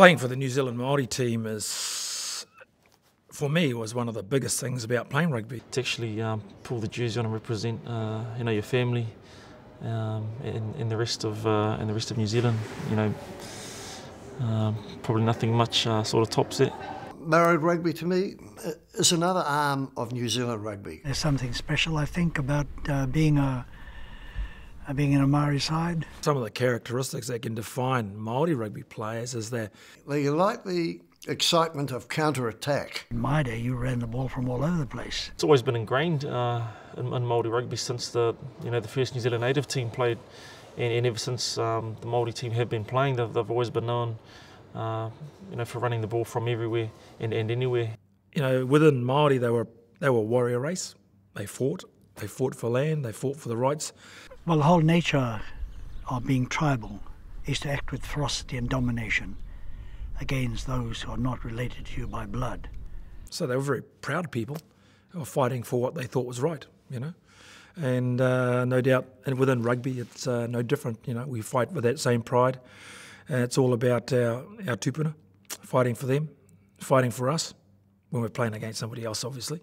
playing for the New Zealand Māori team is, for me, was one of the biggest things about playing rugby. To actually um, pull the jersey on and represent, uh, you know, your family um, and, and, the rest of uh, and the rest of New Zealand, you know, um, probably nothing much uh, sort of tops it. Maori rugby to me uh, is another arm of New Zealand rugby. There's something special, I think, about uh, being a being in a Maori side. Some of the characteristics that can define Maori rugby players is that they like the excitement of counter-attack. In my day, you ran the ball from all over the place. It's always been ingrained uh, in, in Maori rugby since the you know the first New Zealand native team played, and, and ever since um, the Maori team have been playing, they've, they've always been known, uh, you know, for running the ball from everywhere and, and anywhere. You know, within Maori, they were they were warrior race. They fought. They fought for land, they fought for the rights. Well, the whole nature of being tribal is to act with ferocity and domination against those who are not related to you by blood. So they were very proud people who were fighting for what they thought was right, you know. And uh, no doubt, and within rugby, it's uh, no different. You know, we fight with that same pride. And uh, it's all about our, our tupuna, fighting for them, fighting for us when we're playing against somebody else, obviously.